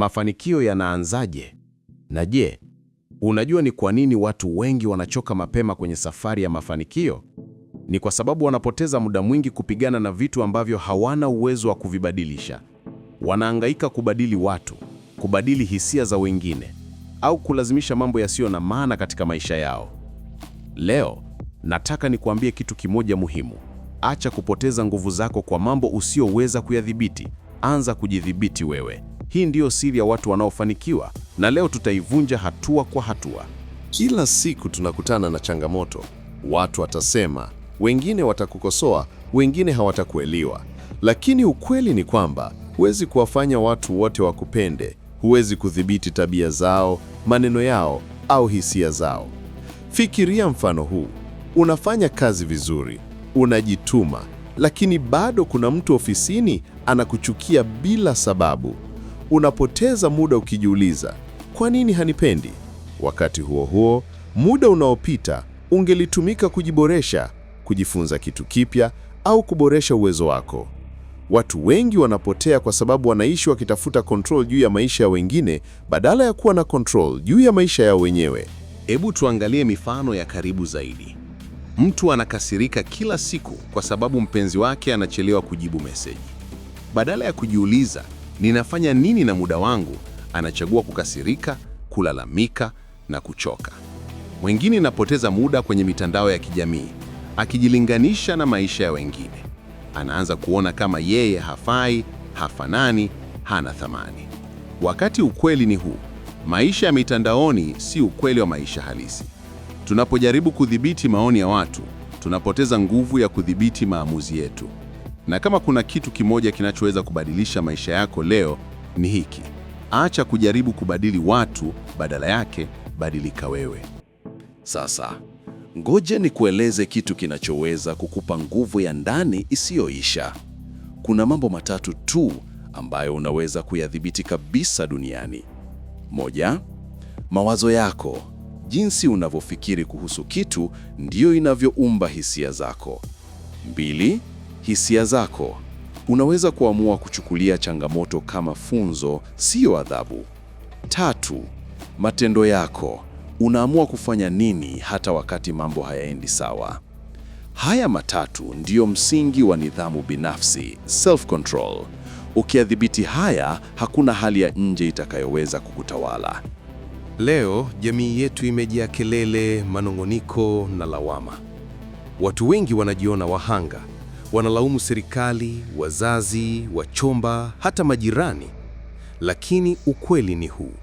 mafanikio yanaanzaje? Na je, unajua ni kwa nini watu wengi wanachoka mapema kwenye safari ya mafanikio? Ni kwa sababu wanapoteza muda mwingi kupigana na vitu ambavyo hawana uwezo wa kuvibadilisha. wanaangaika kubadili watu, kubadili hisia za wengine, au kulazimisha mambo yasiyo na maana katika maisha yao. Leo nataka nikuambie kitu kimoja muhimu: acha kupoteza nguvu zako kwa mambo usiyoweza kuyadhibiti. Anza kujidhibiti wewe. Hii ndiyo siri ya watu wanaofanikiwa, na leo tutaivunja hatua kwa hatua. Kila siku tunakutana na changamoto. Watu watasema, wengine watakukosoa, wengine hawatakuelewa, lakini ukweli ni kwamba huwezi kuwafanya watu wote wakupende. Huwezi kudhibiti tabia zao, maneno yao au hisia zao. Fikiria mfano huu: unafanya kazi vizuri, unajituma, lakini bado kuna mtu ofisini anakuchukia bila sababu unapoteza muda ukijiuliza kwa nini hanipendi? Wakati huo huo, muda unaopita ungelitumika kujiboresha, kujifunza kitu kipya au kuboresha uwezo wako. Watu wengi wanapotea kwa sababu wanaishi wakitafuta control juu ya maisha ya wengine badala ya kuwa na control juu ya maisha yao wenyewe. Hebu tuangalie mifano ya karibu zaidi. Mtu anakasirika kila siku kwa sababu mpenzi wake anachelewa kujibu meseji. Badala ya kujiuliza ninafanya nini na muda wangu, anachagua kukasirika, kulalamika na kuchoka. Mwingine anapoteza muda kwenye mitandao ya kijamii akijilinganisha na maisha ya wengine. Anaanza kuona kama yeye hafai, hafanani, hana thamani, wakati ukweli ni huu: maisha ya mitandaoni si ukweli wa maisha halisi. Tunapojaribu kudhibiti maoni ya watu, tunapoteza nguvu ya kudhibiti maamuzi yetu. Na kama kuna kitu kimoja kinachoweza kubadilisha maisha yako leo ni hiki: acha kujaribu kubadili watu, badala yake badilika wewe. Sasa ngoje kueleze kitu kinachoweza kukupa nguvu ya ndani isiyoisha. Kuna mambo matatu tu ambayo unaweza kuyadhibiti kabisa duniani. Moja, mawazo yako. Jinsi unavyofikiri kuhusu kitu ndiyo inavyoumba hisia zako. Mbili, hisia zako. Unaweza kuamua kuchukulia changamoto kama funzo, siyo adhabu. Tatu, matendo yako. Unaamua kufanya nini hata wakati mambo hayaendi sawa. Haya matatu ndiyo msingi wa nidhamu binafsi, self control. Ukiadhibiti haya, hakuna hali ya nje itakayoweza kukutawala. Leo jamii yetu imejaa kelele, manong'oniko na lawama. Watu wengi wanajiona wahanga, Wanalaumu serikali, wazazi, wachomba, hata majirani. Lakini ukweli ni huu: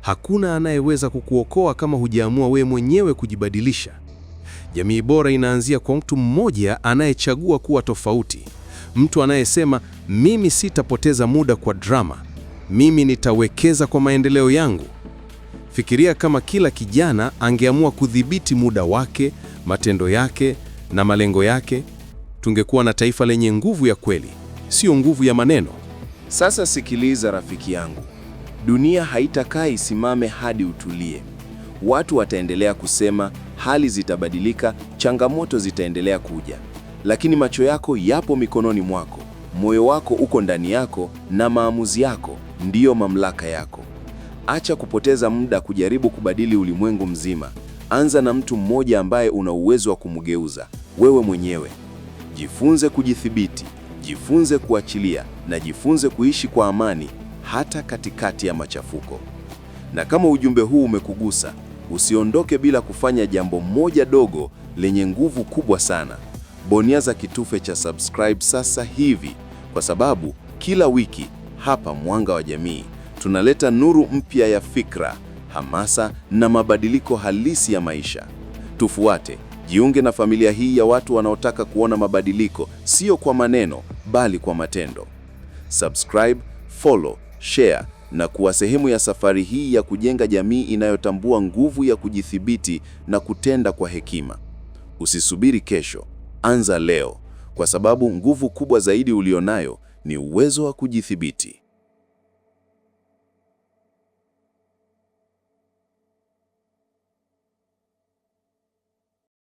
hakuna anayeweza kukuokoa kama hujaamua wewe mwenyewe kujibadilisha. Jamii bora inaanzia kwa mtu mmoja anayechagua kuwa tofauti, mtu anayesema mimi sitapoteza muda kwa drama, mimi nitawekeza kwa maendeleo yangu. Fikiria kama kila kijana angeamua kudhibiti muda wake, matendo yake na malengo yake tungekuwa na taifa lenye nguvu ya kweli, sio nguvu ya maneno. Sasa sikiliza rafiki yangu, dunia haitakaa isimame hadi utulie. Watu wataendelea kusema, hali zitabadilika, changamoto zitaendelea kuja, lakini macho yako yapo mikononi mwako, moyo wako uko ndani yako, na maamuzi yako ndiyo mamlaka yako. Acha kupoteza muda kujaribu kubadili ulimwengu mzima. Anza na mtu mmoja ambaye una uwezo wa kumgeuza wewe mwenyewe. Jifunze kujithibiti, jifunze kuachilia na jifunze kuishi kwa amani hata katikati ya machafuko. Na kama ujumbe huu umekugusa, usiondoke bila kufanya jambo moja dogo lenye nguvu kubwa sana. Bonyeza kitufe cha subscribe sasa hivi, kwa sababu kila wiki hapa Mwanga wa Jamii tunaleta nuru mpya ya fikra, hamasa na mabadiliko halisi ya maisha. Tufuate Jiunge na familia hii ya watu wanaotaka kuona mabadiliko, sio kwa maneno, bali kwa matendo. Subscribe, follow, share na kuwa sehemu ya safari hii ya kujenga jamii inayotambua nguvu ya kujithibiti na kutenda kwa hekima. Usisubiri kesho, anza leo, kwa sababu nguvu kubwa zaidi ulionayo ni uwezo wa kujithibiti.